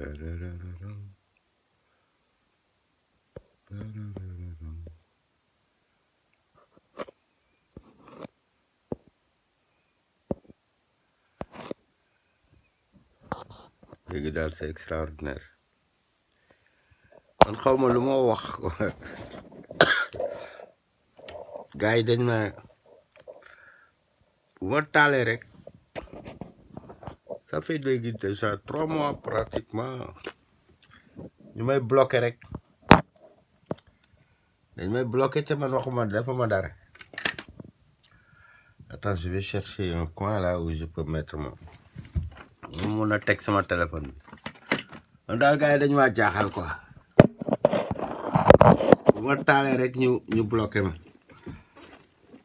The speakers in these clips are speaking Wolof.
Ik ga daar zeker Dan gaan we allemaal wachten. Ga je dan maar. Wat taler ça fait léegi déjà trois mois pratiquement ñu may bloqué rek dañ may bloqué te man waxuma dafa ma dara ata je vais chercher un coin là où je peux mettre ma mu mun a teg sama téléphone bi man daal gars yi dañu jaaxal quoi bu ma taalee rek ñu ñu bloqué ma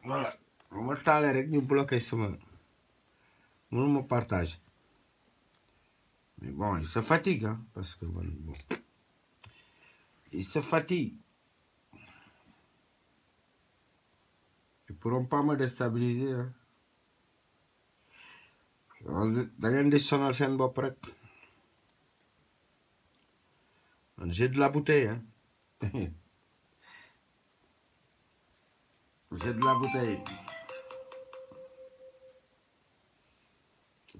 voilà bu ma taalee rek ñu bloqué sama mënu ma partage il se fatigue, hein, parce que Il se fatigue. Ils ne pourront pas me déstabiliser. Hein. Dans des J'ai de la bouteille, hein. J'ai de la bouteille.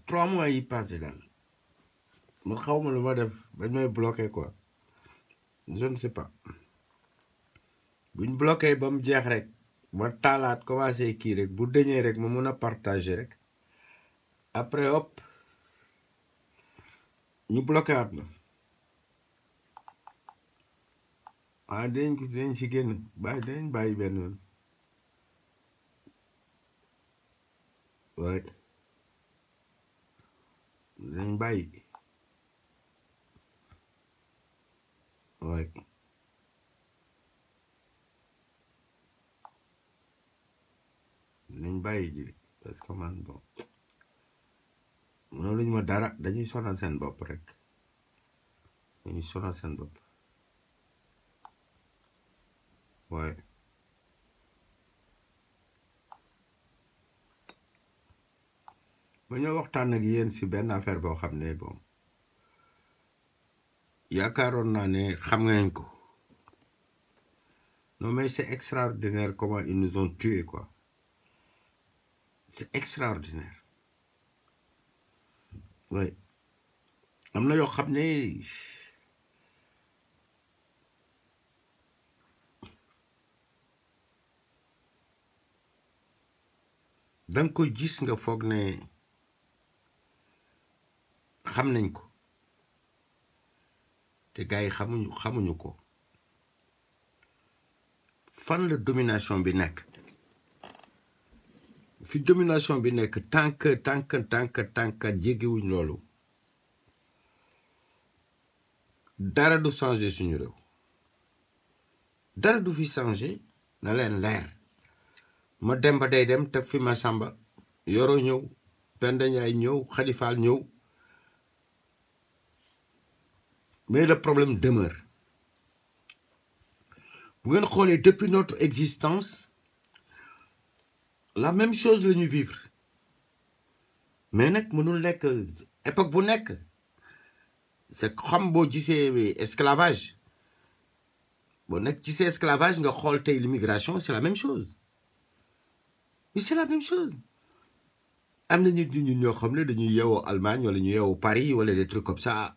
Trois mois y passe là. man xaw ma lu ma def bañ may bloqué quoi je ne sais pas buñ bloqué ba mu jeex rek ma taalaat commencé kii rek bu deñee rek ma mun a partage rek après hop ñu bloqué at na ah dañ ko dañ si génn bàyyi dañ bàyyi benn yoon dañ bàyyi like nañ bay ji parce que man bon mënoo luñ ma dara dañuy sonal seen bopp rek dañuy sonal seen bopp waaye ma ñoo waxtaan ak si benn affaire boo xam ne bon yaakaaroon naa ne xam ngeen ko non mais c'est extraordinaire comment ils nous ont tués quoi c'est extraordinaire am na yoo xam ne da nga koy gis nga foog ne xam nañ ko. te gars yi xamuñu xamuñu ko fan la domination bi nekk fi domination bi nekk tànk tànk tànk tànk jéggiwuñ loolu dara du changer suñu réew dara du fi changer na leen leer ma dem ba day dem te fi ma sàmba yoro ñëw Penda Njaay ñëw Xalifaal ñëw mais le problème demeure Vous ngeen depuis notre existence la même chose que nous vivre mais nous mënul nekk époque bu nekk c'est comme boo gisee esclavage boo nekk gisee esclavage nga avons l'immigration c'est la même chose mais c'est la même chose am na nit ñi ñoo xam ne dañuy au Allemagne wala ñu Paris wala des trucs comme ça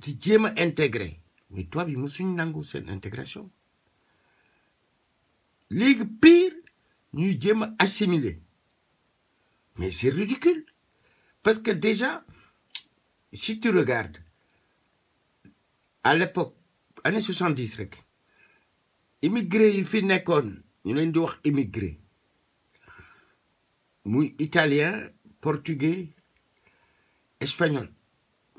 Tu intégrer. intégré mais toi, tu suis nangu une intégration Ligue pire nous jéem assimiler mais c'est ridicule parce que déjà si tu regardes à l'époque année 70, immigrés, rek immigré yi fi Ils ñu leen di wax immigré italien portugais espagnol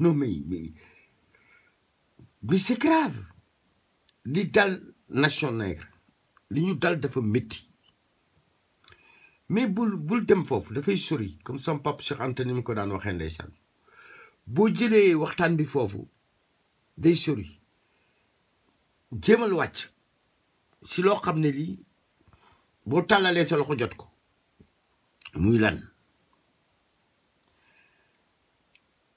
Non, mais, mais, mais c'est grave. li dal nation nègre li ñu dal dafa métti mais bul bul dem foofu dafay sori comme son papa Cheikh Anta ni mu ko daan waxee ndeysaan boo jëlee waxtaan bi foofu day sori jéemal wàcc si loo xam ne lii boo tàllalee sa loxo jot ko muy lan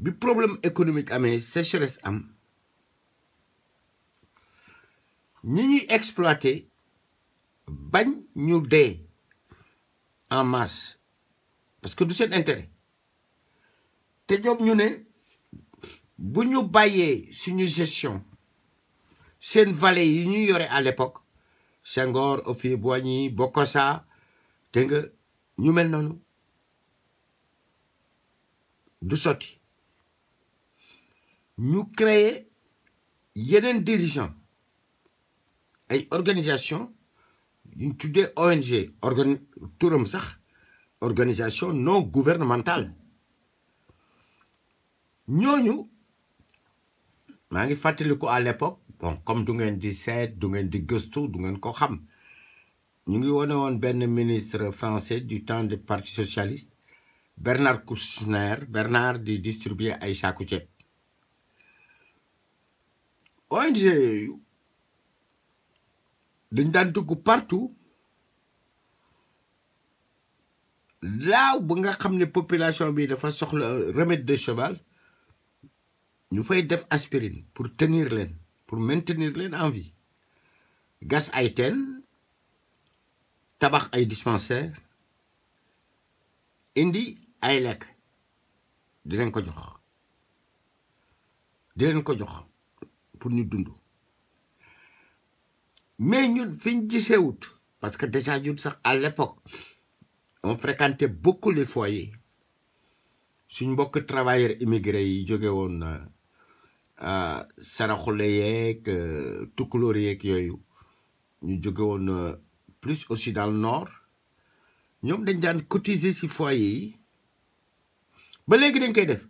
Le problème économique amee sécheresse am ñi ñuy exploité bañ ñu dee en masse parce que du un intérêt te ñoom ñu ne bu ñu bàyyee suñu gestion seen vallée yi ñu yore à l'époque Senghor Ophé, boigny Bokosa, nous nga ñu mel noonu du sotti nous créer yenen dirigeant ay organisation une tuddee ONG organ sax organisation non gouvernementale ñooñu ma ngi coup à l'époque bon comme du ngén di sét du ngén di gëstu du ngén ko xam ñu ngi wone woon ministre français du temps du parti socialiste Bernard Kouchner Bernard de distribuer ay saaku ONG yooyu dañ daan dugg partout laaw ba nga xam ne population bi dafa soxla remède de cheval ñu fay def aspirine pour tenir leen pour maintenir leen en vie gas ay teen tabax ay dispensaire indi ay lekk di leen ko jox di leen ko jox pour nous mais nous, finissons ñu août, parce que déjà nous, à l'époque on fréquentait beaucoup les foyers beaucoup de travailleurs immigrés yi jóge woon euh, saraxule yeeg euh, tukulóor yeeg yooyu ñu jóge euh, plus aussi dans le nord Nous, dañ cotisé cotiser foyers. Mais yi ba cotisé. dañ koy def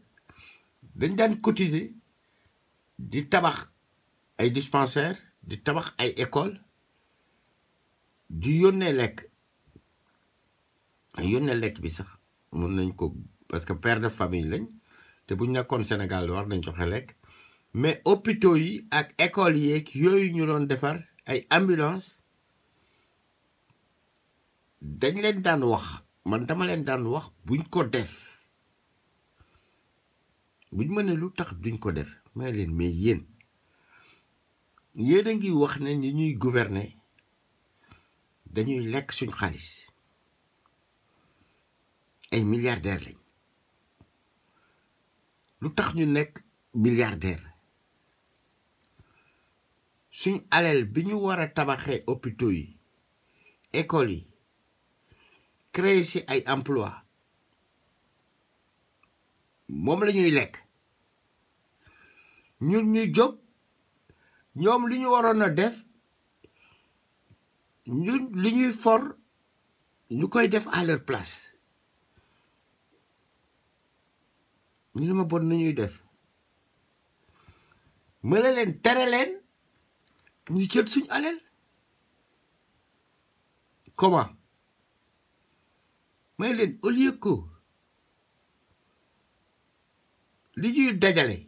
dañ daan cotiser ay dispensaire di tabax ay école di yónnee lekk yónnee lekk bi sax mën nañ ko parce que père de famille lañ té buñ nekkoon Sénégal war nañ joxe lekk mais hôpitaux yi ak école yi ak yoy ñu doon défar ay ambulance dañ leen daan wax man dama leen daan wax buñ ko def buñ mën lu tax duñ ko def may leen mais yeen yéen a ngi wax ne ñi ñuy gouverner dañuy lekk suñ xaalis ay milliardaire lañ lu tax ñu nekk milliardaire suñ alal bi ñu war a tabaxee hôpitaux yi école yi créer ci ay emploi moom la ñuy lekk ñun ñuy jóg ñoom li ñu waroon a def ñu li ñuy for ñu koy def à leur place ñu ne ma bon na ñuy def ma ne leen tere leen ñu jël suñ alal comment ma ne leen au lieu li ñuy dajale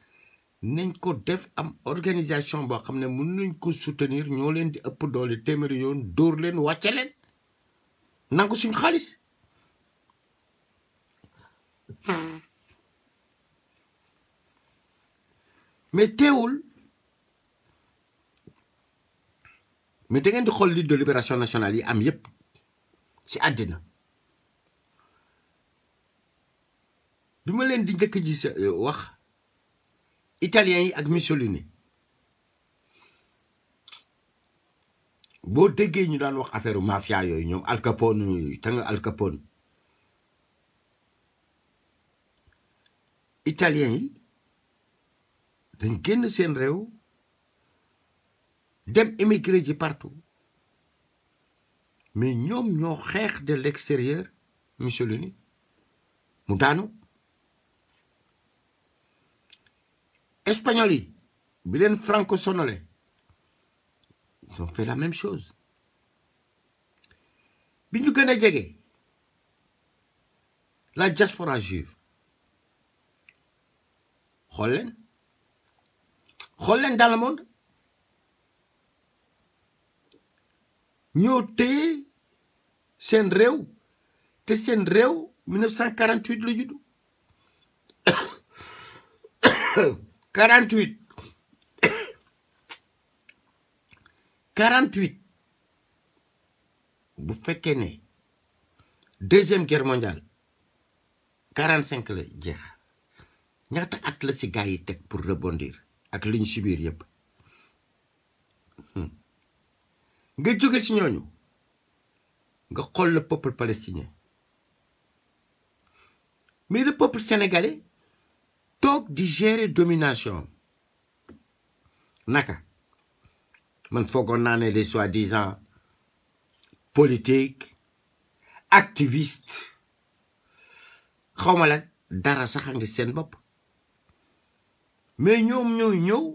nañ ko def am organisation boo xam ne mën nañ ko soutenir ñoo leen di ëpp doole téeméeri yoon dóor leen wàcce leen nangu suñ xaalis mais teewul mais dangeen di xool lutte de libération nationale yi am yépp ci àddina bi ma leen di njëkk ji euh, wax italiens yi ak Mussolini bo déggee ñu daan wax affaire mafia yoy ñom Al Capone yooyu te nga Al Capone italiens yi dañ génn seen réew dem émigré ji partout mais ñom ñoo xeex de l'extérieur Mussolini mu daanu Les espagnols, les Franco sonolais ils ont fait la même chose bi la diaspora juive Hollande, Hollande dans le monde Nous, c'est un un 1948 le judo. 48 48 bu fekkee ne deuxième guerre mondiale 45 la jeex ñaata at la ci gars yi teg pour rebondir ak liñ ci biir yëpp hmm. nga jóge ci ñooñu nga xool le peuple palestinien mais le peuple sénégalais. tok di gérer domination naka man foko qu'on ne les soi-disant politiques, activistes, xawma la dara sax nga sen bop mais ñoom ñooy ñëw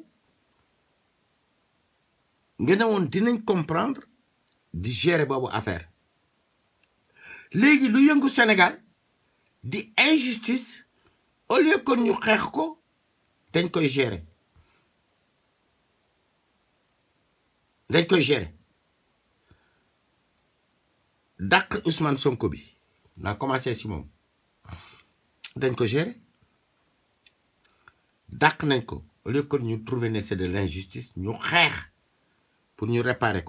nga dinañ comprendre di gérer boobu affaire légui lu yëngu Sénégal di injustice au lieu que nous cherchons, nous que gérer. Nous que gérer. Dak Ousmane Sonkobi, on a commencé Simon. Nous que gérer. Dak Nenko, au lieu que nous trouvions de l'injustice, nous cherchons pour nous réparer.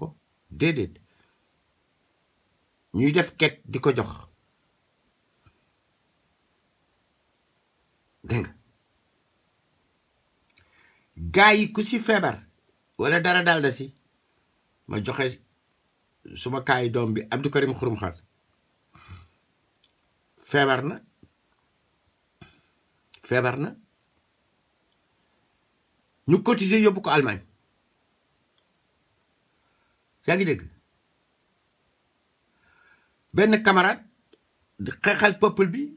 Nous devons faire des choses. dégg nga gaa yi ku ci feebar wala dara daal si ma joxe suma kaayu doom bi Abdou Karim Xurum Xaar feebar na feebar na ñu cotiser yóbbu ko Allemagne yaa ngi dégg benn camarade di xeexal peuple bi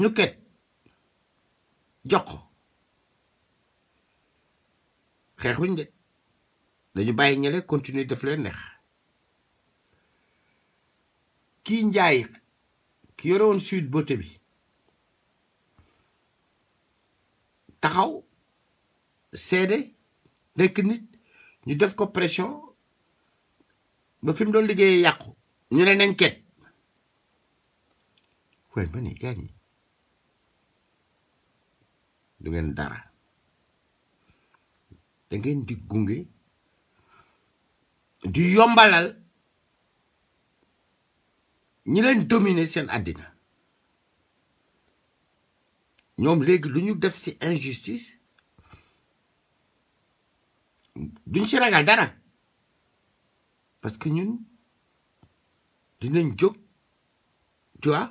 ñu ket jox ko xeexuñ de dañu bàyyi ñële continuer def leen neex kii njaay ki yore woon sud bote bi taxaw seede nekk nit ñu def ko pression ba fi mu doon liggéeyee yàqu ñu ne ket waaye ma ne gaañ du ngeen dara da ngeen di gunge di yombalal ñi leen dominer seen àddina ñoom léegi lu ñu def si injustice duñ ci ragal dara parce que ñun dinañ jóg tu vois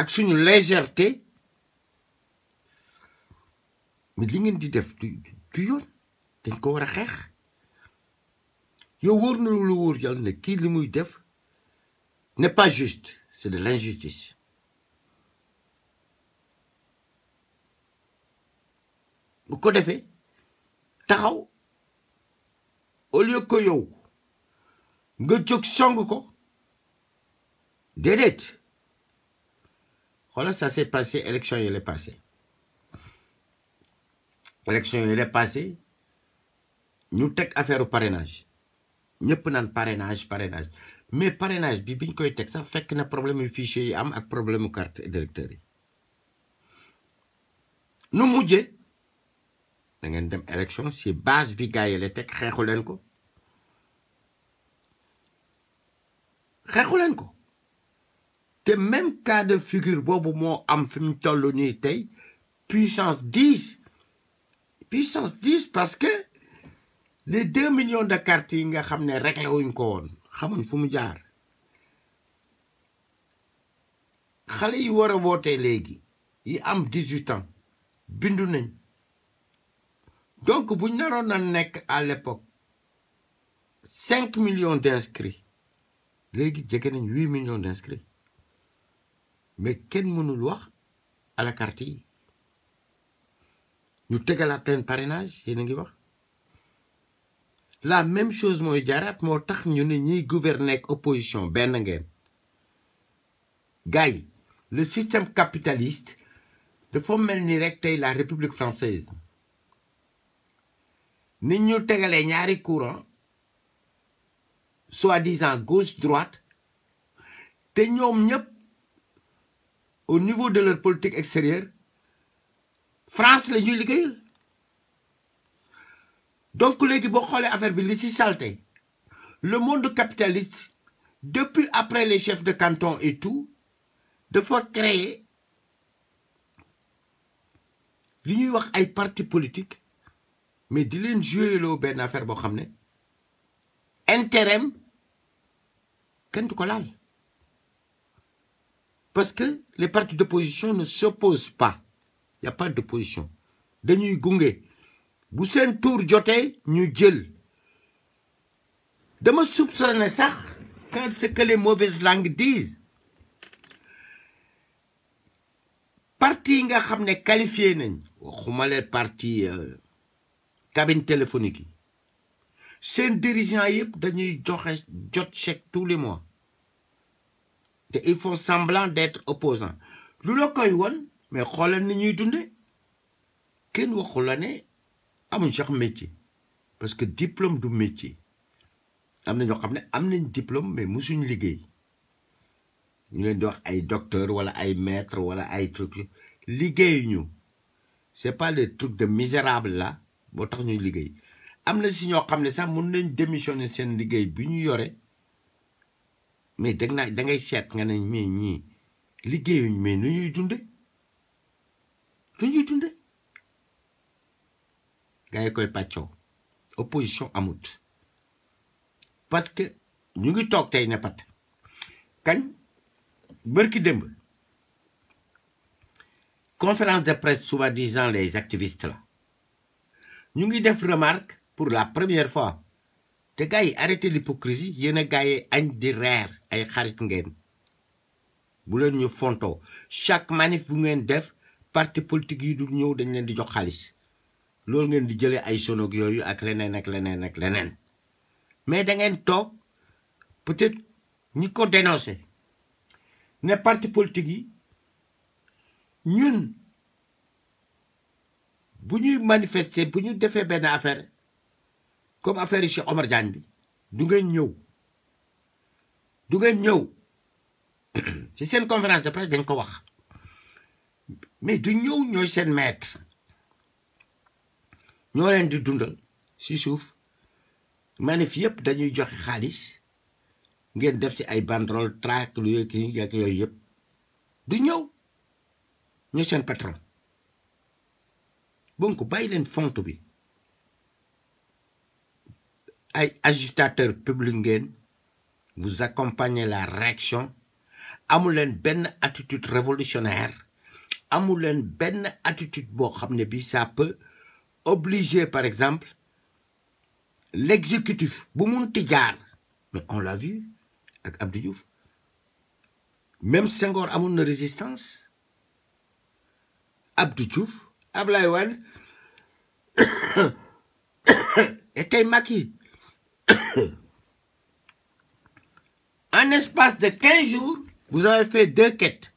ak suñu légèreté Mais dingen die def duur, den kora Je hoort nu loer ne def, n'est pas juste, c'est de l'injustice. Vous ko au lieu que yo, nga song ko Voilà, ça s'est passé l'élection il est passé L'élection est passée. Nous avons affaire au parrainage Nous le parrainage parrainage mais parrainage bi biñ koy problème fichier problème carte électorale. Nous, nu élection base la base même cas de figure que Mo, am puissance 10, puissance 10 parce que les 2 millions de cartes yi nga xamné ne réglé wuñ ko won xamuñ fu mu jaar xalé yi wara voter légui yi am 18 ans bindu nañ donc buñ on a nek à l'époque 5 millions d'inscrits légui jege nañ 8 millions d'inscrits mais kenn mënul wax à la carte yi avons atteint un parrainage la même chose nous Jarat, moo tax ñu avons gouverné opposition le système capitaliste de mel ni la république française Nous avons tegalee ñaari courant soi-disant gauche droite nous avons ñëpp au niveau de leur politique extérieure France les les liggéeyal donc léegi boo xoolee affaire bi li ci le monde capitaliste depuis après les chefs de canton et tout fois créer li ñuy wax ay parti politique mais di leen une affaire parce que les partis d'opposition ne s'opposent pas y a pas d'opposition dañuy gunge bu un tour jotee ñu jël dama soupçonné sax quand ce que les mauvaises langues disent parti nga xamné ne qualifié nañ waxuma le parti euh, cabine téléphonique sen dirigeants dirigeant yëpp dañuy joxe jot chèque tous les mois ils font semblant d'être opposants lu la koy won mais xoolal ni ñuy dunde kenn waxu la né amuñ sax métier parce que diplôme du métier am na xamné xam am nañ diplôme mais musuñ liggéey ñu leen di wax ay docteur wala ay maître wala ay truc liggéey ñu c'est pas des trucs de misérable là bo tax ñuy liggéey am na si ñoo xam ne sax mun nañ démissionner seen liggéey bi ñu yore mais dégg naa da ngay seet nga ne mais ñii liggéeyuñ mais nu ñuy dunde lu ñuy dunde gaay koy pàccoo opposition amut parce que ñu ngi toog tey ne pat kañ bërki conférence de presse soi-disant les activistes là. ñu ngi def remarque pour la première fois te gars yi arrêté l'hypocrisie yéen a gars yi añ di reer ay xarit ngeen bu leen ñu fontoo chaque manif bu ngeen def parti politik yi dul ñëw dañ leen di jox xaalis loolu ngeen di jëlee ay sonog yooyu ak leneen ak leneen ak leneen mais da ngeen toog peut-être ñi ko dénoncé ne parti politique yi ñun bu ñuy manifester bu ñu defee benn affaire comme affaire Omar Diagne bi du ngeen ñëw du ngeen ñëw ci seen conférence dañ ko wax mais du ñëw ñoy seen maître ñoo leen di dundal si suuf manif yëpp dañuy joxe xaalis ngeen def ci ay banderole trac lu yëkk yooyu yëpp du ñëw ñooy seen patron bon ko bàyyi leen font bi ay agitateur public ngeen vous accompagnez la réaction amu leen benn attitude révolutionnaire Amoulin ben attitude ça peut obliger par exemple l'exécutif Boumoun munti mais on l'a vu avec Abdou Diouf même Senghor amoon de résistance Abdou Diouf était et en espace de 15 jours vous avez fait deux quêtes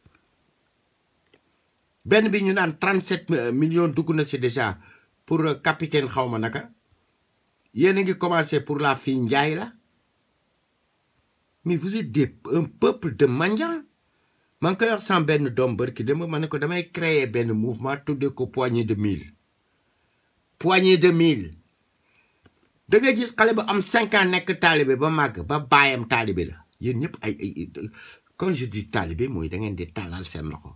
benn bi ñu naan 37 euh, million dugg na si déjà pour euh, capitaine xaw ma naka yéen a ngi commencé pour la fille Ndiaye la mais vous êtes des un peuple de mendiants man ngi koy wax benn doom barki dem ma ne ko damay créer benn mouvement tuddee ko poignée de mille poignée de mille da ngay gis xale ba am cinq ans nekk taalibe ba màgg ba baayam taalibe la yéen ñëpp ay ay quand je dis taalibe mooy da ngeen di tàllal seen loxo.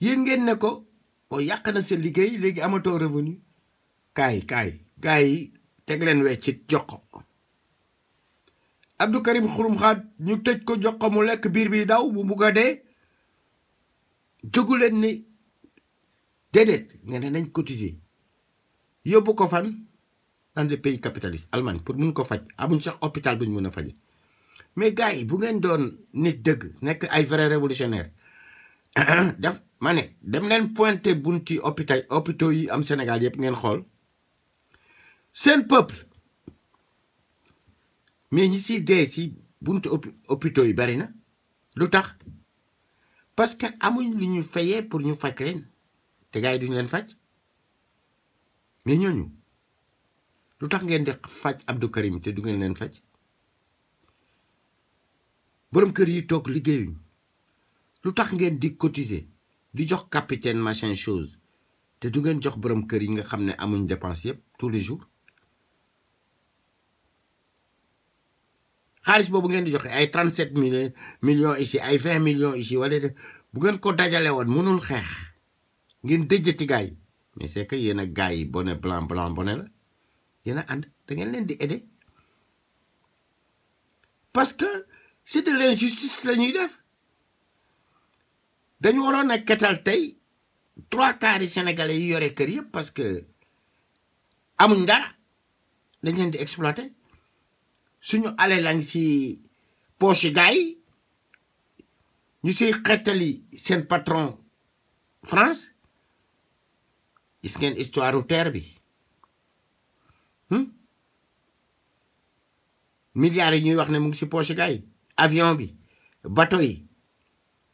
yéen ngeen ne ko o oh, yàq na sa liggéey léegi amatoo revenu kaay kaay gars yi teg leen weccit jox ko Abdou Karim Xurum Xaat ñu tëj ko jox mu lekk biir bi daw bu bugg a dee jógu leen ni déedéet nga ne nañ cotiser yóbbu ko fan dans les pays capitalistes Allemagne pour mun ko faj amuñ sax hôpital bu ñu mën a faje mais gars yi bu ngeen doon nit dëgg nekk ay vrai révolutionnaire def mane ne dem leen pointé bunti hôpital hôpitaux yi am Sénégal yëpp ngeen xool seen peuple mais ñi si dee si buntu hôpitaux yi bari na lu tax parce que amuñ lu ñu fayee pour ñu faj leen te gars yi duñu leen faj mais ñooñu lu tax ngeen di faj Abdou Karim te du ngeen leen faj boroom kër yi toog liggéeyuñ lu ngeen di cotiser di jox capitaine machin chose te du jox borom kër yi nga xam amuñ tous les jours xaalis boobu ngeen di 37 millions millions ici ay 20 millions ici wala bu ngeen ko dajale woon mënul xeex ngeen mais c'est que yéen a yi blanc blanc bonnet la yéen a da ngeen di parce que c'est de l'injustice la ñuy def dañu waroon a ketal tey trois quarts yi sénégalais yi yore kër yëpp parce que amuñ dara dañ leen di exploité suñu ale lañ si poche gars yi ñu siy xettali seen patron France gis ngeen histoire terre bi hmm? milliards yi ñuy wax ne mu ngi si poche gars yi avion bi bateau yi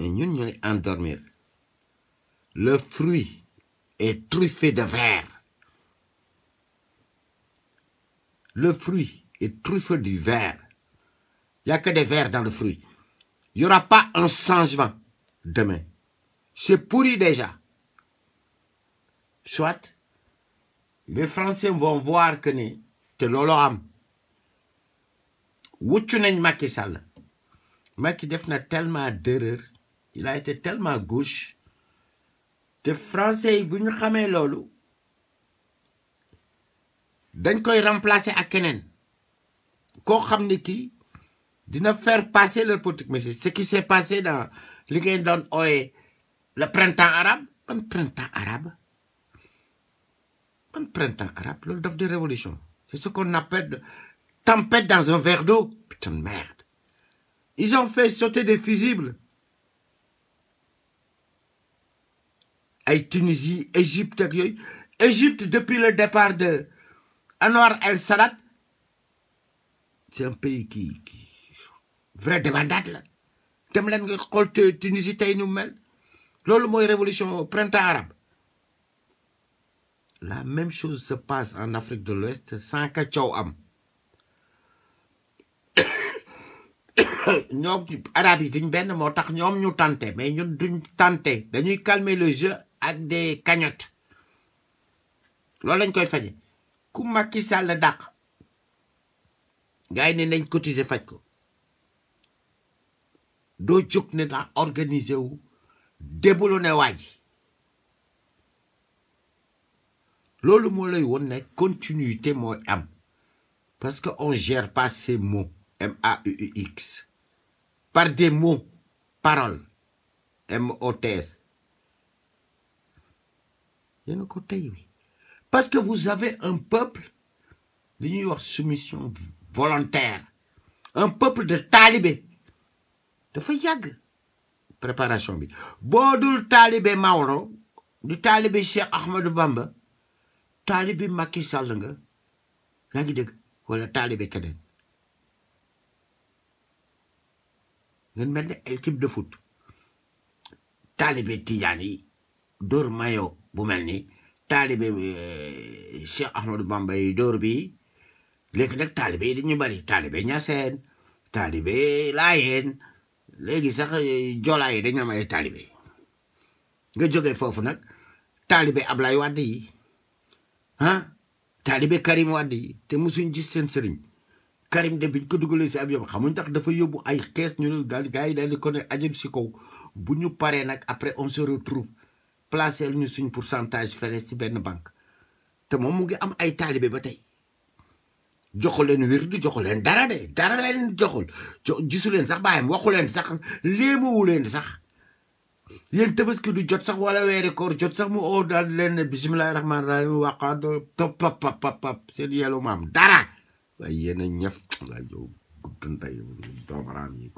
mais nous allons endormir le fruit est truffé de verre. le fruit est truffé du verre. il n'y a que des verres dans le fruit il n'y aura pas un changement demain c'est pourri déjà soit les Français vont voir que nous, te am Macky tellement il a été tellement gauche les français yi bu lolu xamee loolu remplacé koy remplacer ak kenen, Ko de dina faire passer leur politique mais ce qui s'est passé dans le printemps arabe Un printemps arabe Un printemps arabe le daf révolution c'est ce qu'on appelle tempête dans un verre d'eau putain de merde ils ont fait sauter des fusibles Et Tunisie Égypte Égypte depuis le départ de Anwar El Sadat c'est un pays qui qui vrai débandade la dem leen nga Tunisie tey une mel révolution printemps arabe la même chose se passe en Afrique de l'Ouest sans que tu am ñoo arabes yi duñ benn tax ñu tenter mais nous duñ tenter dañuy calmer le jeu ak des cagnottes loolu lañ koy faje ku Macky Sall dàq gars yi ne nañ cotiser faj ko doo jóg ne daa organiser wu débulu ne waa loolu lay won ne continuité mooy am parce que on gère pas ces mots M A U X par des mots paroles M O T S parce que vous avez un peuple l'Union a une soumission volontaire un peuple de taalibe dafa yag. préparation bi talibé un talibé mauro, du talibé Cheikh Ahmadou Bamba talibé Macky Sall nga Vous ngi dégg wala un talibé. Vous mel équipe de foot Talibé Tijani, Dormayo, bu mel ni taalibe eh, Cheikh Ahmadou Bamba yi dóor bi léegi nag taalibe yi ñu bari taalibe Ñaseen taalibe Laayeen léegi sax eh, Joolaa yi dañu am ay taalibe nga jógee foofu nag taalibe Ablaye Wade yi ah taalibe Karim Wade yi te musuñ ji seen sëriñ Karim de biñ ko dugalee si avion xamuñ tax dafa yóbbu ay xees ñu ne daal gars yi daal di ko ne si kaw bu ñu paree nag après on se retrouve placé ñu suñ pourcentage frais ci benn bank te moom mu gi am ay taalibe ba tey joxu leen wér du joxu leen dara de dara leen joxul gisu leen sax bàyyam waxu leen sax léemuwu leen sax yéen tabaski du jot sax wala weeri koor jot sax mu oo daal leen ne bisimilahi rahmaani rahim waqaad pap pap pap pap seen maam dara waaye yéen a ñëf laa jow guddantay doomaraam yi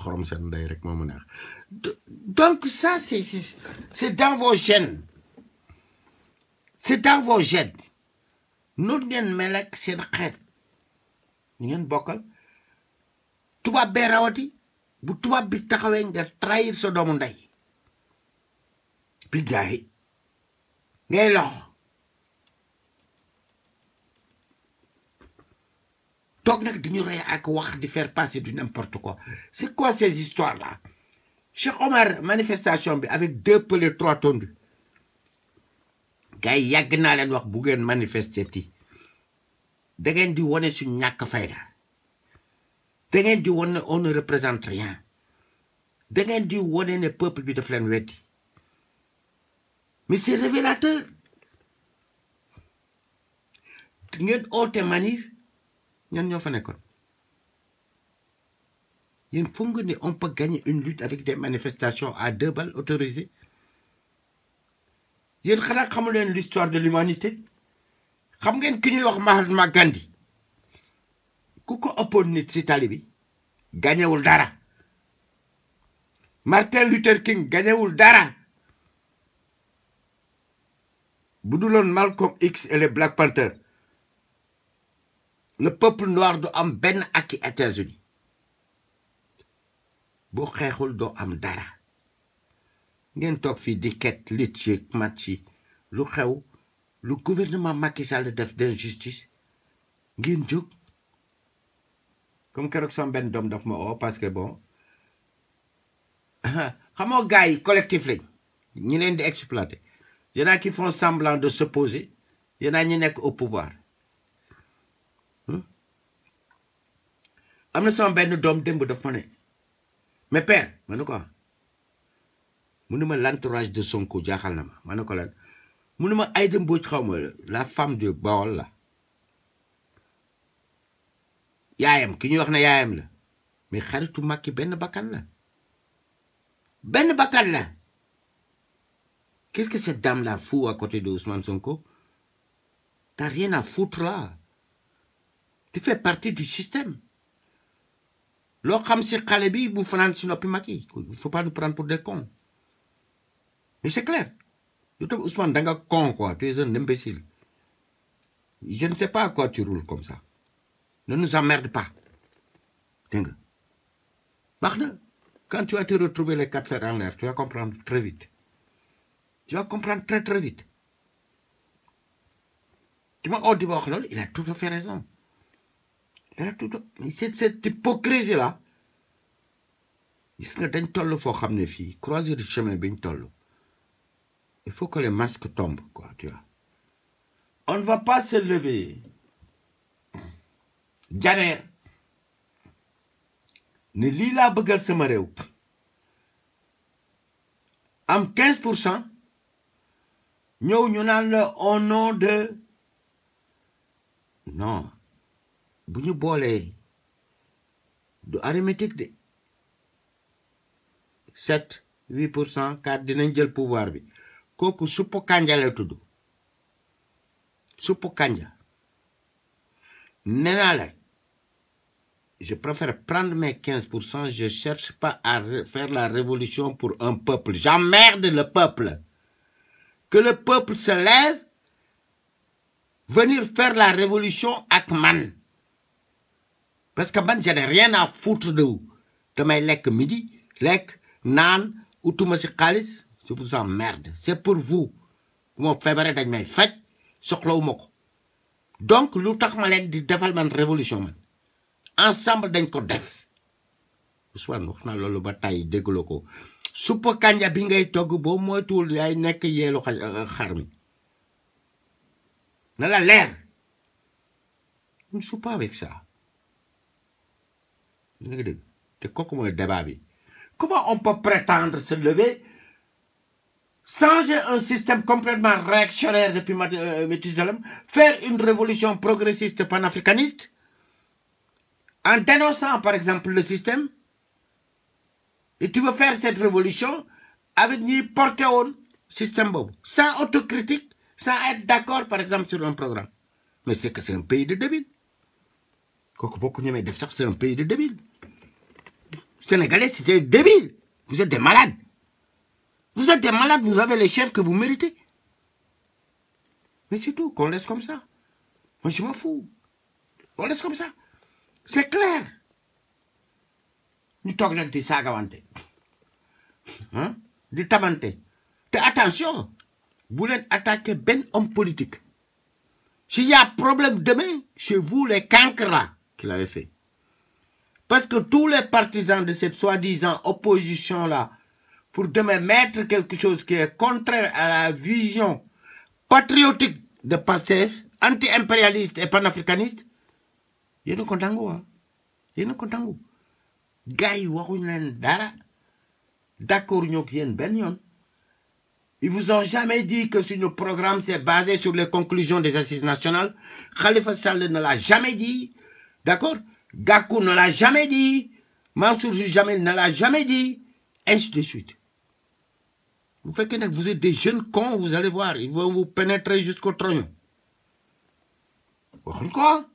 xorom sen ndey rek moo ma neex donc ça c'est c'est dans vos gènes c'est dans vos gènes noonu ngeen mel ak seen xeet ñu ngeen bokkal tubaab bee rawati bu tubaab bi taxawee nga trahir sa doomu ndey billaahi ngay lox Donc, nag diñu rey ak wax faire passer du n'importe quoi c'est quoi ces histoires là Cheikh Omar manifestation avec deux pelés trois tonnes. gars y a naa leen wax bu ngeen manifester ti da ngeen di wane suñ ñàkk fayda da di on ne représente rien da ngeen di wane ne peuple bi daf mais c'est révélateur ngeen te manif ñan ñoo fa nekkoon yéen ne on peut gagner une lutte avec des manifestations à deux balles autorisées yéen xanaa xamu l'histoire de l'humanité xam ngeen ki ñuy wax Mahatma Gandhi ku ko ëppoon nit si tali dara Martin Luther King gañewul dara bu Boudoulon, Malcolm X et les Black Panthers le peuple noir doit am ben ak i États-Unis Bo xeexul do am dara ngeen tok fi di ket lit lu xew lu gouvernement Macky Sall def d'injustice ngeen jog comme keroog son ben dom daf ma o parce que bon xamo gars collectif lañ ñi leen di exploiter y en a qui font semblant de s'opposer y en a ñi nekk au pouvoir am na sama benn doom démb daf ma ne mais père ma ne ko mu ne ma l'entourage de Sonko jaaxal na ma ma ne ko lan mu ne ma Aïda Mbodj xaw la femme de Baol la yaayam ki ñuy wax ne yaayam la mais xaritu Macky benn bakkan la benn bakkan la qu'est-ce que cette dame là fou à côté de Ousmane Sonko t'as rien à foutre là tu fais partie du système il ne faut pas nous prendre pour des cons mais c'est clair tu es un imbécile je ne sais pas à quoi tu roules comme ça ne nous emmerde pas quand tu vas te retrouver les quatre fers en l'air tu vas comprendre très vite tu vas comprendre très très vite tu m'as dit, il a tout à fait raison cette cette hypocrisie là Il faut croiser le chemin bien il faut que les masques tombent quoi tu vois on ne va pas se lever janeer ne l'ila beugal se sama am 15 pour cent ñu nan le au nom de non vous ñu du arithmétique de sept huit pour cent car dinañ jël pouvoir bi kooku la je préfère prendre mes quinze pour cent je cherche pas à faire la révolution pour un peuple j'emmerde le peuple que le peuple se lève venir faire la révolution ak man parce que man j'en rien à foutre de vous damay lekk midi lekk naan utuma si xaalis je vous emmerde c'est pour vous bu ma feebaree dañ may faj soxlawuma ko donc lu tax ma leen di defal man révolution man ensemble dañ ko def Ousmane wax naa loolu ba tàyyi déggloo ko suppa kànja bi ngay togg boo moytuwul yaay nekk yeelu euh, xar mi na la leer on ne pas avec ça comment on peut prétendre se lever changer un système complètement réactionnaire depuis Mathusalem euh, faire une révolution progressiste panafricaniste en dénonçant par exemple le système et tu veux faire cette révolution avec n'importe porter système bob, sans autocritique sans être d'accord par exemple sur un programme mais c'est que c'est un pays de débiles c'est un pays de débiles Sénégalais, c'était débile. Vous êtes des malades. Vous êtes des malades, vous avez les chefs que vous méritez. Mais c'est tout, qu'on laisse comme ça. Moi, je m'en fous. On laisse comme ça. C'est clair. Nous ça des sagavante. Hein? attention. Vous voulez attaquer ben homme politique. S'il y a problème demain, chez vous, les cancres là, qu'il avait fait. Parce que tous les partisans de cette soi-disant opposition-là, pour demain mettre quelque chose qui est contraire à la vision patriotique de PASSEF, anti-impérialiste et panafricaniste, y a Ils ne y a contents. gars yi dara d'accord nous qui sont ils vous ont jamais dit que nouveau programme s'est basé sur les conclusions des assises nationales Khalifa Saleh ne l'a jamais dit d'accord Gakou ne l'a jamais dit, Mansour Jamel ne l'a jamais dit, ainsi de suite. Vous faites que vous êtes des jeunes cons, vous allez voir, ils vont vous pénétrer jusqu'au tronc. Vous quoi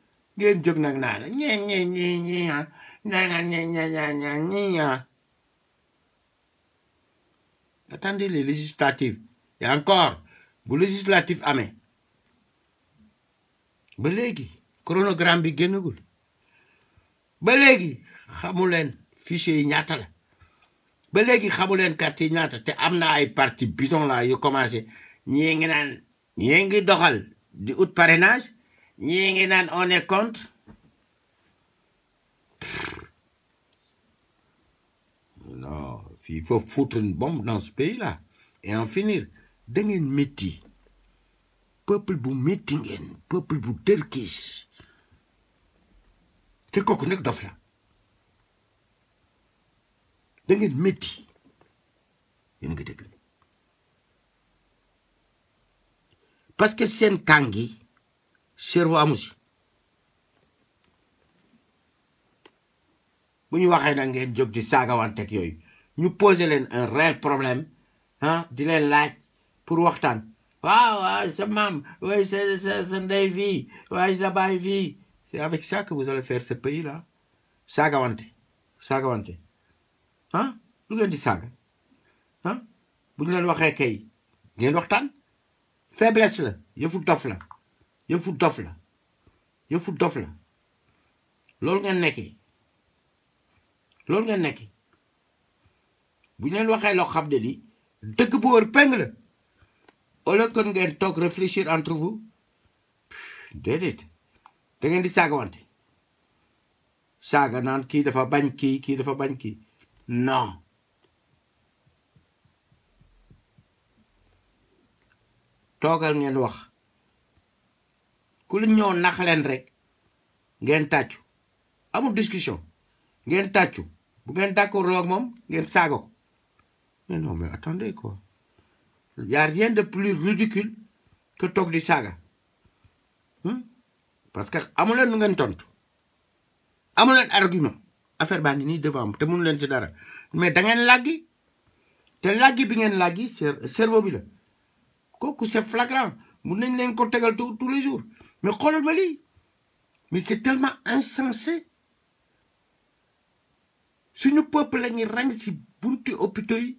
Attendez les législatives. Et encore, vous législatif amee ba le chronogramme bi ba léegi xamu leen fichier yi ñaata la ba léegi carte ñaata te amna ay parti bidon la yu commencé ñi ngi nan ñii ngi doxal di out parrainage ñi ngi nan on est compte non il faut foutre une bombe dans ce pays là et en finir da ngeen metti peuple bu metti ngeen peuple bu tërkiis te kooku nag dof la da ngeen métti yéen a ngi parce que seen kàng yi cerveau amu si bu ñu waxee nag ngeen jóg di saagawanteeg yooyu ñu posé leen un réel problème ah di leen laaj pour waxtaan waaw waaw sa maam waaye sa sa sa ndey fii waaye sa baay fii c'est avec ça que vous allez faire ce pays-là. Saga Ça, Hein? Vous avez dit ça? Hein? Vous pas Vous avez là Faiblesse vous avez là la. Vous avez la. ça. vous la. là ça. vous avez dit ça. Vous vous n'avez ça. Vous avez vous réfléchir entre vous. da ngeen di wante saaga naan kii dafa bañ kii kii dafa bañ kii non toogal ngeen wax ku lu ñëw leen rek ngeen tàccu amul discussion ngeen tàccu bu ngeen d'accord ak moom ngeen saaga ko mais non mais attendez rien de plus ridicule que toog di saaga hmm? parce que amu leen lu ngeen tontu amu leen argument affaire baa ngi nii devant te mënu leen si dara mais da en làggi te làggi bi ngeen làggi cerveau bi la kooku c'est flagrant mun nañ leen ko tegal tous les jours mais xoolal ma lii mais c'est tellement insensé suñu peuple la ñuy rang si bunti hôpitaux yi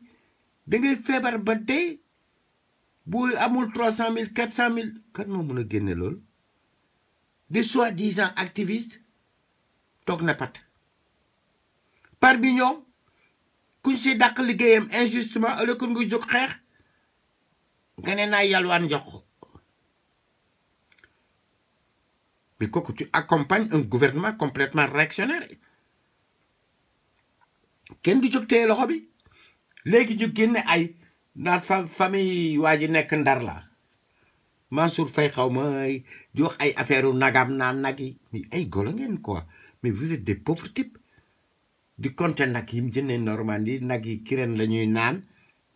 da ngay feebar ba dee booy amul trois cent mille quatre cent mille kan moo mun a génne loolu des soi-disant activistes toog na pat par bi ñoom kuñ si dàq liggéeyam injustement le lieu que nga jóg xeex nga ne jox ko mais tu accompagnes un gouvernement complètement réactionnaire kenn du jóg téye loxo bi léegi ñu génne ay naan famille waa ji nekk ndar la Mansour Faye xaw ma di wax ay affaire nagam naan nag yi mais ay golo ngeen quoi mais vous êtes des pauvres types di compter nag yi mu jëndee Normandie nag yi kireen la ñuy naan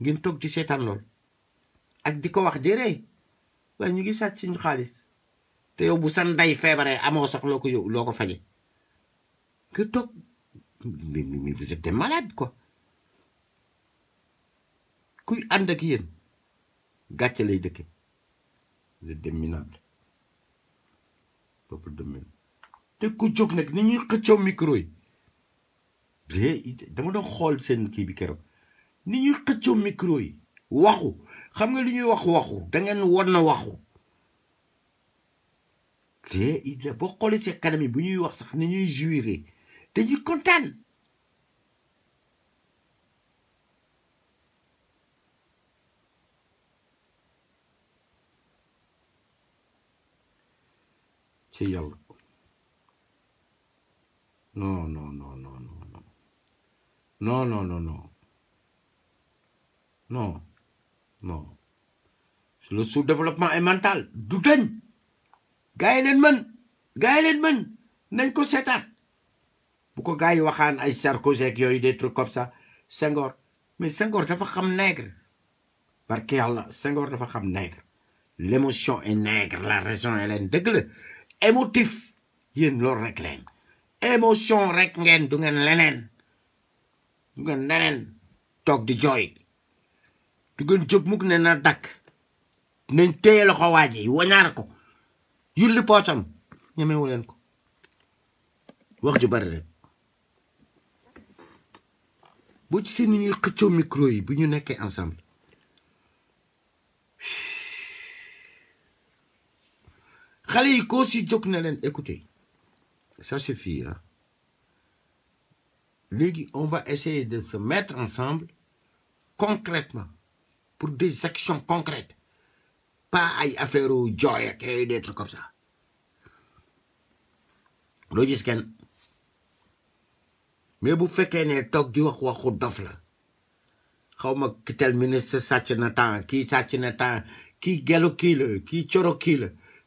ngeen toog di seetaan lool ak di ko wax jëree waaye ñu ngi sàcc suñu xaalis te yow bu sa ndey feebaree amoo sax loo ko yow loo ko faje nga toog mais vous êtes des kuy ànd ak yéen gàcce lay dëkke déminable peuple dominable te ku jóg nag ni ñuy xëccoo micro yi dama doon xool seen kii bi keroog ni ñuy xëccoo micro yi waxu xam nga li ñuy wax waxu da ngeen war na waxu te boo xoolee seen kanam bu ñuy wax sax ni ñuy juire dañuy kontaan ci yàlla no non non non non non non non non non non le sous-développement est mental du dañ gaa yi leen mën gaa yi nañ ko setat bu ko gaa yi waxaan ay Sarkozy ak yooyu des trucs comme ça Senghor mais Senghor dafa xam nègre barke yàlla Senghor dafa xam nègre l'émotion est nègre la raison elle est émotif yen loolu rek leen émotion rek ngeen du ngeen leneen du ngeen leneen toog di jooy du ngeen jóg mukk ne na dakk nañ téye loxo waa ji wañaar ko yulli poosam ñemewu leen ko wax ju bari rek boo ci seen ni ñuy xëccoo micro yi bu ñu nekkee ensemble si écoutez ça suffit hein dit on va essayer de se mettre ensemble concrètement pour des actions concrètes pas à faire ou joy et des trucs comme ça Logiquement, mais vous faites ne des di wax waxu dof que tel ministre sàcc qui temps qui Gelokil, qui temps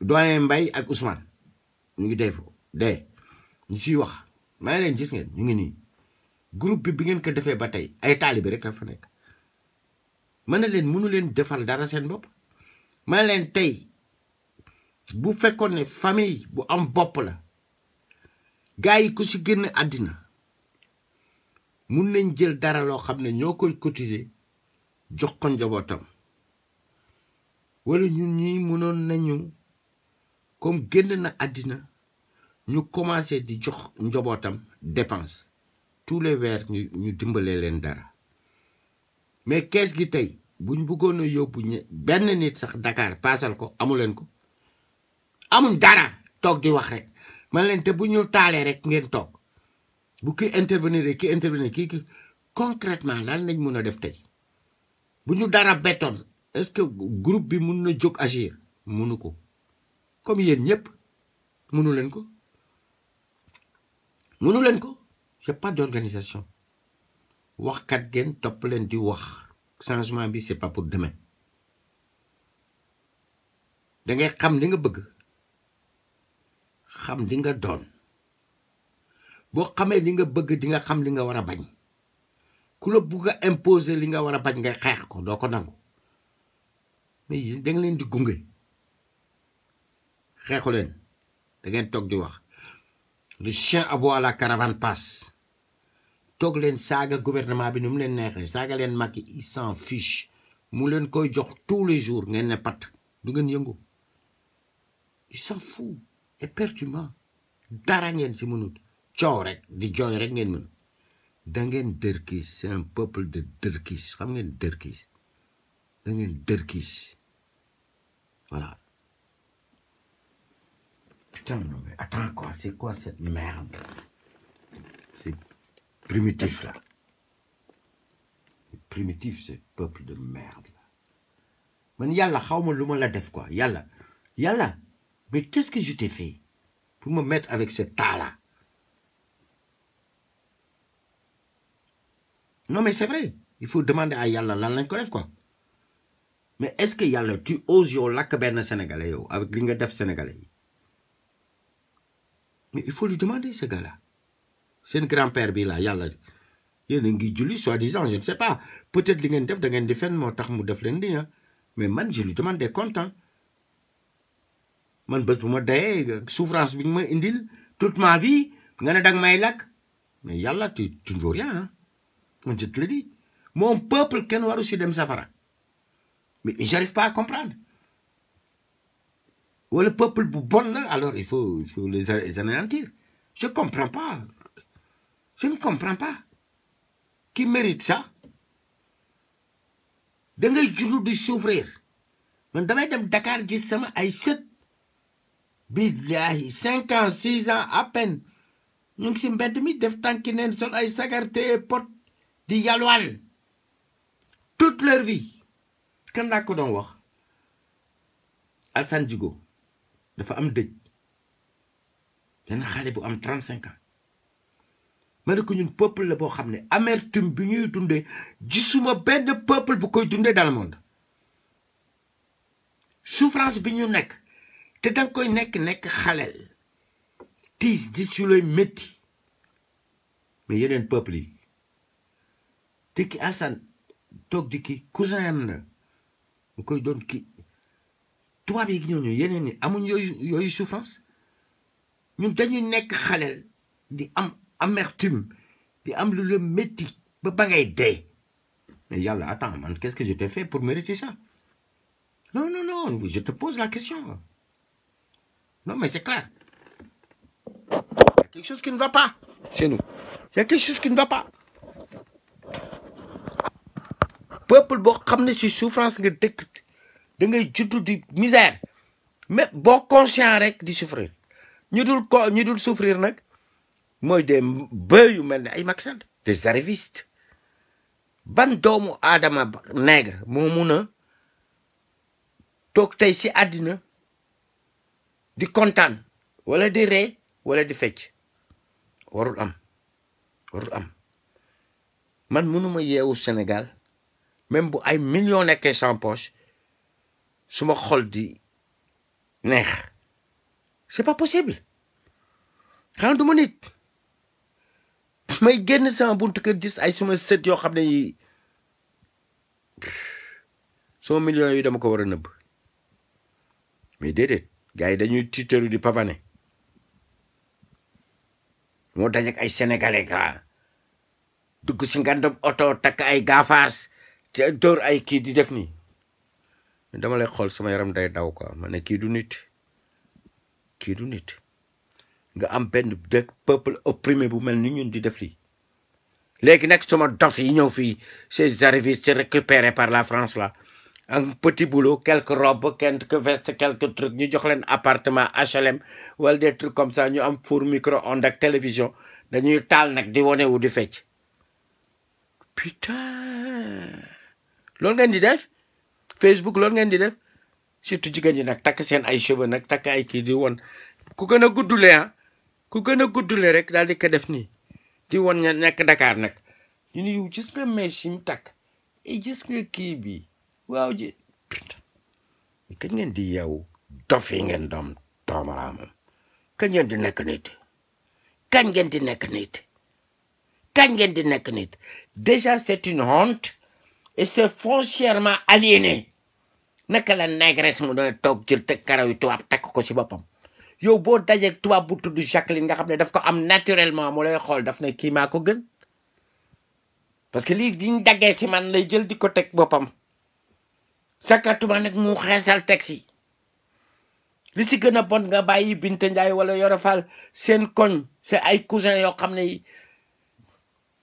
doyen mbay ak Ousmane ñu ngi dee foofu dee ñu ciy wax maa ngi leen gis ngeen ñu ngi nii groupe bi bi ngeen ko defee ba tey ay taalibe rek fa nekk mën na leen mënu leen defal dara seen bopp mën leen tey bu fekkoon ne famille bu am bopp la gars yi ko ci génn àddina mun nañ jël dara loo xam ne ñoo koy cotiser jox ko njabootam wala ñun ñi mënoon nañu comme nous na nous ñu commencé di jox njobotam dépenses tous les vers nous ñu dimbale dara mais qu'est-ce gi tay buñ Si nous nit sax Dakar passal ko amu ko amuñ dara tok di wax rek man len te buñu talé rek ngeen tok bu intervenir concrètement lañ def dara béton, est-ce que groupe bi agir comme yéen ñëpp ko ko pas d'organisation kat ngeen topp leen di changement bi pas pour demain da ngay xam li nga bëgg xam li nga doon boo xamee li nga bëgg di nga xam li nga war a bañ ku la bugg a li nga war bañ ngay ko ko mais da da di le chien aboie la caravane passe toog leen gouvernement bi len s'en Saga len s'en il s'en fiche koy tous les jours Ils ne pat du s'en il s'en fout Et dara s'en si mënut s'en rek di s'en rek c'est un peuple de derkis. xam Ils da voilà Putain, non, mais attends quoi, c'est quoi cette merde C'est primitif là. primitif ce peuple de merde. Mais yalla, comment luma la def quoi, yalla. Yalla, mais qu'est-ce que je t'ai fait pour me mettre avec ce tas là Non mais c'est vrai, il faut demander à yalla lan lañ quoi. Mais est-ce que yalla tu oses yo la cabane sénégalais avec li sénégalais Mais il faut lui demander, ce gars-là. C'est un grand-père, Bila, Yalla. Il y a un Julie, soi-disant, je ne sais pas. Peut-être que vous avez fait un défense, mais man, je lui demande des comptes. Hein. Man, parce que moi, d'ailleurs, souffrance, toute ma vie, ngana avez may lak. Mais Yalla, tu, tu ne veux rien. Hein. Moi, je te le dis. Mon peuple, Safara. mais j'arrive pas à comprendre. ou le peuple bon alors il faut, les anéantir. Je ne comprends pas. Je ne comprends pas. Qui mérite ça da ngay souffrir Je damay Dakar sama ay 5 cinq ans 6 ans à peine nous si qui ils ont ay di toute leur vie kan que ko dafa am dëj benn xale bu am 35 ans ma ne ko ñun peuple la boo xam ne amertume bi ñuy dundee gisuma benn peuple bu koy dundee dans le monde souffrance bi ñu nekk te danga koy nekk nekk xaleel tiis di su lay métti mais yeneen peuple yi dikki alsan toog di ki cousin am na mu koy doon ki toi, tu es yeneen amuñ yooyu souffrance ñun dañuy nekk xaleel di am amertume di am lu la ba ngay mais attends qu'est-ce que je t'ai fait pour mériter ça non non non je te pose la question non mais c'est clair il y a quelque chose qui ne va pas chez nous il y a quelque chose qui ne va pas peuple boo xam ne souffrance nga ngay misère mais bo conscient rek souffrir ñudul souffrir nak moy des arrivistes. yu ay Macky Sall des arrivistes ban doomu homme, nègre si di contane wala wala di warul am warul am man mënuma Sénégal même bu ay millions de poche su ma xol di c'est pas possible xanaa du may génn sama buntu kër gis ay suma sët yoo xam ne yi sama millions yi dama ko war a mais déedéet gars dañuy tiitaru di pavane moo dajek ay sénégalais gaa dugg si ngandam oto takk ay gaafaas te ay kii di def nii dama lay xol sama yaram day daw quoi mané ki du nit ki du nit nga am benn de peuple opprimé bu mel ni ñun di def li légui nag sama dof yi ñëw fi ces arrivistes récupérés par la France là un petit boulot quelques robes quelques vestes quelques trucs ñu jox leen appartement HLM wala des trucs comme ça ñu am four micro-ondes ak télévision dañuy tal nak di woné wu di fecc putain loolu ngeen di def Facebook loolu ngeen di def surtout jigéen ji nag takk seen ay cheveux nag takk ay kii di won ku gën a guddule ah ku gën a guddule rek daal di ko def nii di won ña nekk Dakar nag ñu ne yow gis nga mèche yi mu takk i eh, gis kii bi waaw ji kañ ngeen di yeewu dof ngeen doom doomaraamam kañ ngeen di nekk nit kañ di nekk nit kañ ngeen di nekk nit déjà c'est une honte et c'est foncièrement aliéné naka la négresse mu doon toog jël teg karaw yu takk ko ci boppam yow boo dajeeg tubaab bu tudd Jacqueline nga xam ne daf ko am naturellement mu lay xool daf ne kii maa ko gën parce que lii diñ daggee si man lay jël di ko teg boppam sakatuma nag mu xeesal taxi li si gën a bon nga bàyyi Binte Njaay wala Yoro Fall seen koñ c'est ay cousin yoo xam ne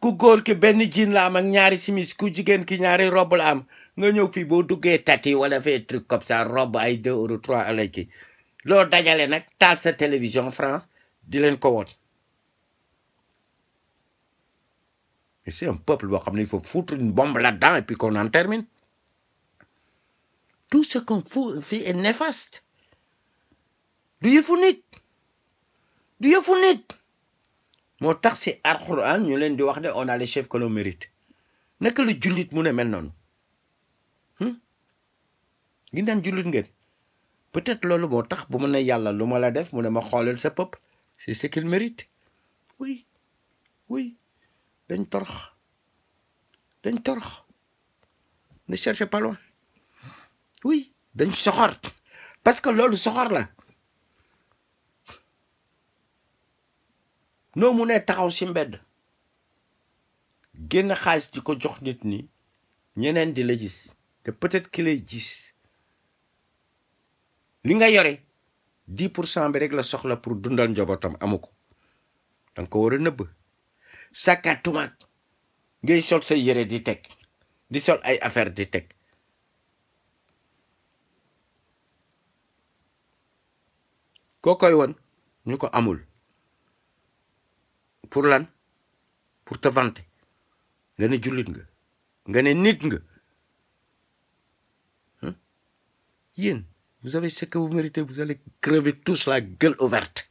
ku góor ki benn jiin laam am ak ñaari simis ku jigéen ki ñaari rob la nga ñëw fii boo duggee tati wala fee truc comme ça robe ay deux euros trois alay ki loo dajale nag taal sa télévision France di leen ko woon et c'est un peuple boo xam ne il faut foutre une bombe là-dedans et puis qu'on en termine tout ce qu'on fout fii est néfaste du yëfu nit du yëfu nit moo tax si alxuraan ñu leen di wax ne on a les chefs que l'on mérite naka lu jullit mu ne mel noonu Hmm? gi daan julit ngeen peut-être loolu moo tax bu ma ne yàlla lu ma la def mu ne ma xoolal sa peuple c'est ce qu'il mérite oui oui dañ torox dañ torox ne cherchez pas loin oui dañ soxor parce que loolu soxor la noo mu ne taxaw ci mbedd génn xaalis di ko jox nit ni ñeneen di la gis te peut-être ki lay gis li nga yore dix pour cent bi rek la soxla pour dundal ko ngay sol say di teg di sol ay affaire di teg koo koy won ñu amul pour lan pour te vanter nga ne jullit nga nga ne nit nga Ien, vous avez ce que vous méritez vous allez crever tous la gueule ouverte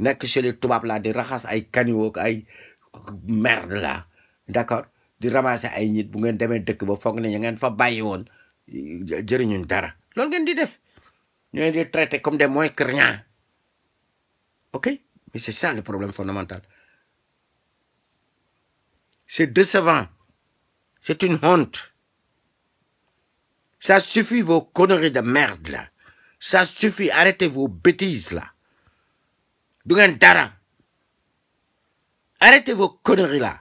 Nak chez les tubaab là di raxas ay kaniwoog ay merde là. d'accord di ramasser ay nit bu ngeen demee dëkk ba foog ne ñu ngeen fa bàyyi woon jëriñuñ dara loolu ngeen di def ñooy di traiter comme des moins que rien ok mais c'est ça le problème fondamental c'est décevant c'est une honte ça suffit vos conneries de merde là. Ça suffit, arrêtez vos bêtises là. Dugan Dara. Arrêtez vos conneries là.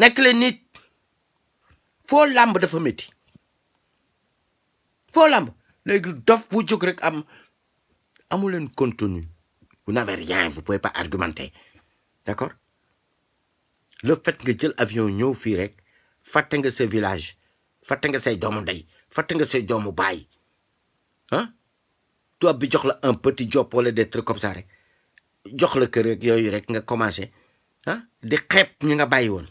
nekk leen nit de làmb dafa lambe foo dof contenu vous n'avez rien vous ne pouvez pas argumenter d'accord le fait que j'ai avion ñëw avion rek ce village fàtte nga say doomu ndey fàtte nga say doomu baay ah tubaab bi jox la un petit job wala des trucs comme ça rek jox la kër yooyu rek nga commencé ah? di xeeb ñi nga bàyyi woon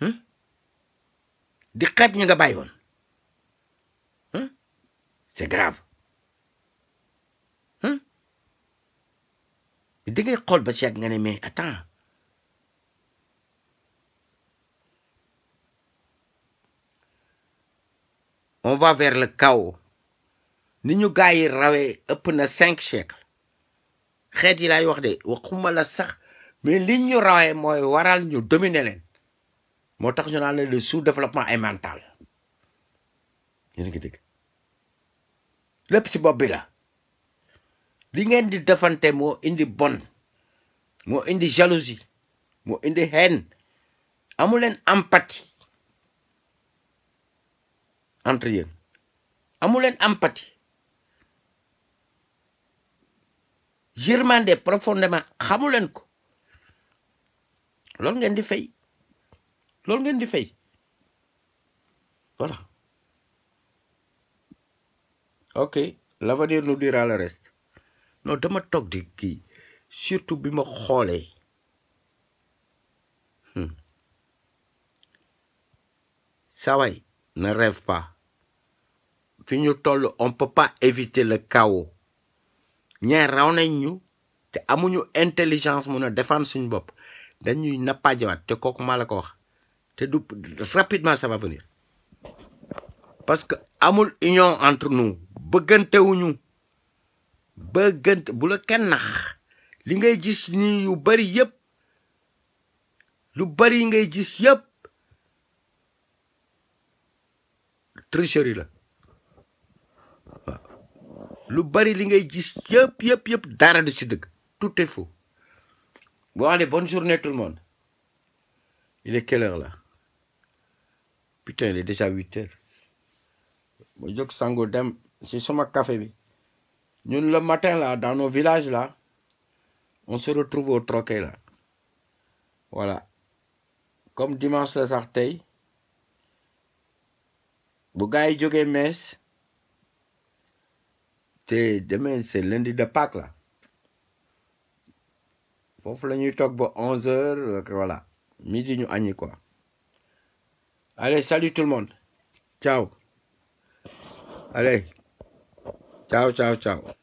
hmm? di xeeb ñi nga bàyyi woon hmm? c'est grave hmm? di ngay xool ba si yàgg nga ne mais attends on va vers le chaos ni ñu gars yi rawee ëpp na 5 siècles xeet yi lay wax dé waxuma la sax mais li ñu rawee moy waral ñu dominer len. Motax ñu naan le sous-développement est mental yéen ngi dégg lépp ci bopp la li ngeen di defante mo indi bonne. Mo indi jalousie Mo indi haine amu leen empathie entre yéen amu leen empathie yërmande profondément xamu ko loolu ngeen di fay loolu ngeen di fay voilà ok l'avenir nous dira le reste non dama toog di kii surtout bi ma xoolee hmm. saway ne rêve pas On ne on peut pas éviter le chaos Nous avons une intelligence pour défendre suñ bop dañuy nappaajawaat te mal te rapidement ça va venir parce que amul union entre nous wuñu bëggante bu la kenn nax li ngay gis ni yu bari yépp lu bari ngay gis tricherie lu bari li ngay gis yep, yëpp yëpp dara du tout est faux bon allez bonne journée tout le monde il est quelle heure là putain il est déjà 8 heures ma jóg sango dem si sama café Nous le matin là dans nos villages là on se retrouve au troquet là voilà comme dimanche les sax vous bu gars yi demain c'est lundi de Pâques là faut faire nous talk pour 11 heures voilà midi nous añi quoi allez salut tout le monde ciao allez ciao ciao ciao